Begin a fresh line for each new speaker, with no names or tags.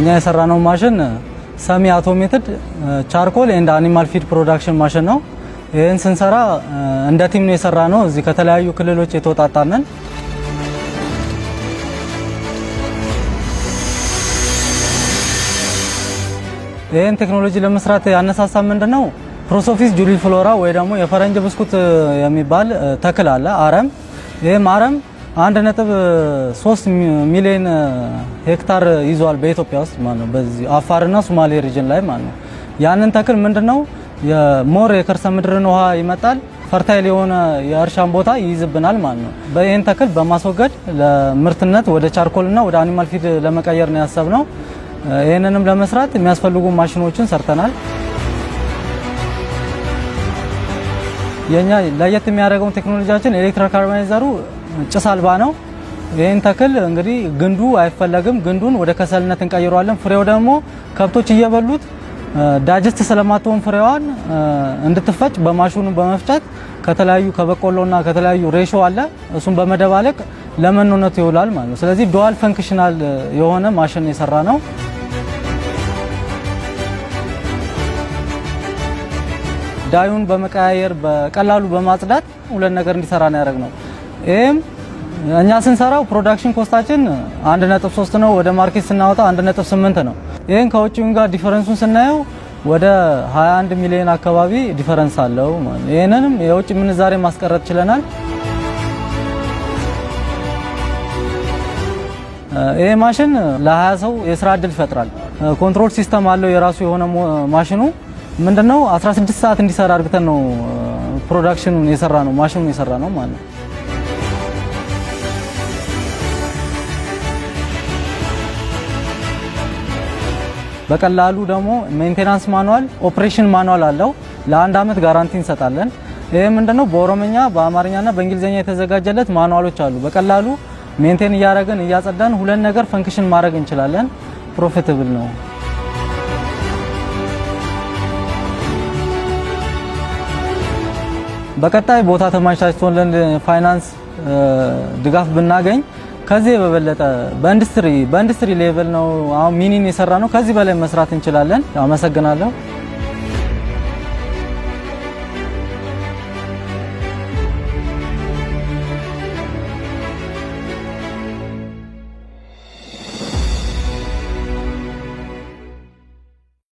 እኛ የሰራነው ማሽን ሰሚ አውቶሜትድ ቻርኮል ኤንድ አኒማል ፊድ ፕሮዳክሽን ማሽን ነው። ይህን ስንሰራ እንደ ቲም ነው የሰራ ነው። እዚህ ከተለያዩ ክልሎች የተወጣጣነን ይህን ቴክኖሎጂ ለመስራት ያነሳሳ ምንድን ነው ፕሮሶፊስ ጁሊ ፍሎራ ወይ ደግሞ የፈረንጅ ብስኩት የሚባል ተክል አለ አረም ይህም አረም አንድ ነጥብ ሶስት ሚሊዮን ሄክታር ይዟል በኢትዮጵያ ውስጥ ማለት ነው። በዚህ አፋርና ሶማሌ ሪጅን ላይ ማለት ነው። ያንን ተክል ምንድነው የሞር የከርሰ ምድርን ውሃ ይመጣል፣ ፈርታይል የሆነ የእርሻን ቦታ ይይዝብናል ማለት ነው። ይህን ተክል በማስወገድ ለምርትነት ወደ ቻርኮልና ወደ አኒማል ፊድ ለመቀየር ነው ያሰብነው። ይህንንም ለመስራት የሚያስፈልጉ ማሽኖችን ሰርተናል። የኛ ለየት የሚያደርገውን ቴክኖሎጂያችን ኤሌክትሪክ ጭስ አልባ ነው። ይህን ተክል እንግዲህ ግንዱ አይፈለግም። ግንዱን ወደ ከሰልነት እንቀይረዋለን። ፍሬው ደግሞ ከብቶች እየበሉት ዳጀስት ስለማትሆን ፍሬዋን እንድትፈጭ በማሽኑ በመፍጨት ከተለያዩ ከበቆሎና ከተለያዩ ሬሾ አለ እሱን በመደባለቅ ለመኖነት ይውላል ማለት ነው። ስለዚህ ዱዋል ፈንክሽናል የሆነ ማሽን የሰራ ነው። ዳዩን በመቀያየር በቀላሉ በማጽዳት ሁለት ነገር እንዲሰራ ነው ያደረግ ነው። ይህም እኛ ስንሰራው ፕሮዳክሽን ኮስታችን 1.3 ነው፣ ወደ ማርኬት ስናወጣ 1.8 ነው። ይህን ከውጭውን ጋር ዲፈረንሱን ስናየው ወደ 21 ሚሊዮን አካባቢ ዲፈረንስ አለው። ይህንንም የውጭ ምንዛሬ ማስቀረት ችለናል። ይህ ማሽን ለ20 ሰው የስራ እድል ይፈጥራል። ኮንትሮል ሲስተም አለው የራሱ የሆነ ማሽኑ ምንድነው 16 ሰዓት እንዲሰራ አድርገን ነው ፕሮዳክሽኑን የሰራ ነው ማሽኑን የሰራ ነው ማለት ነው። በቀላሉ ደግሞ ሜንቴናንስ ማኑዋል፣ ኦፕሬሽን ማኑዋል አለው። ለአንድ አመት ጋራንቲ እንሰጣለን። ይህ ምንድነው? በኦሮምኛ በአማርኛና በእንግሊዝኛ የተዘጋጀለት ማኑዋሎች አሉ። በቀላሉ ሜንቴን እያደረግን እያጸዳን ሁለት ነገር ፈንክሽን ማድረግ እንችላለን። ፕሮፊትብል ነው። በቀጣይ ቦታ ተመቻችቶልን ፋይናንስ ድጋፍ ብናገኝ ከዚህ በበለጠ በኢንዱስትሪ በኢንዱስትሪ ሌቭል ነው አሁን ሚኒን የሰራ ነው። ከዚህ በላይ መስራት እንችላለን። አመሰግናለሁ።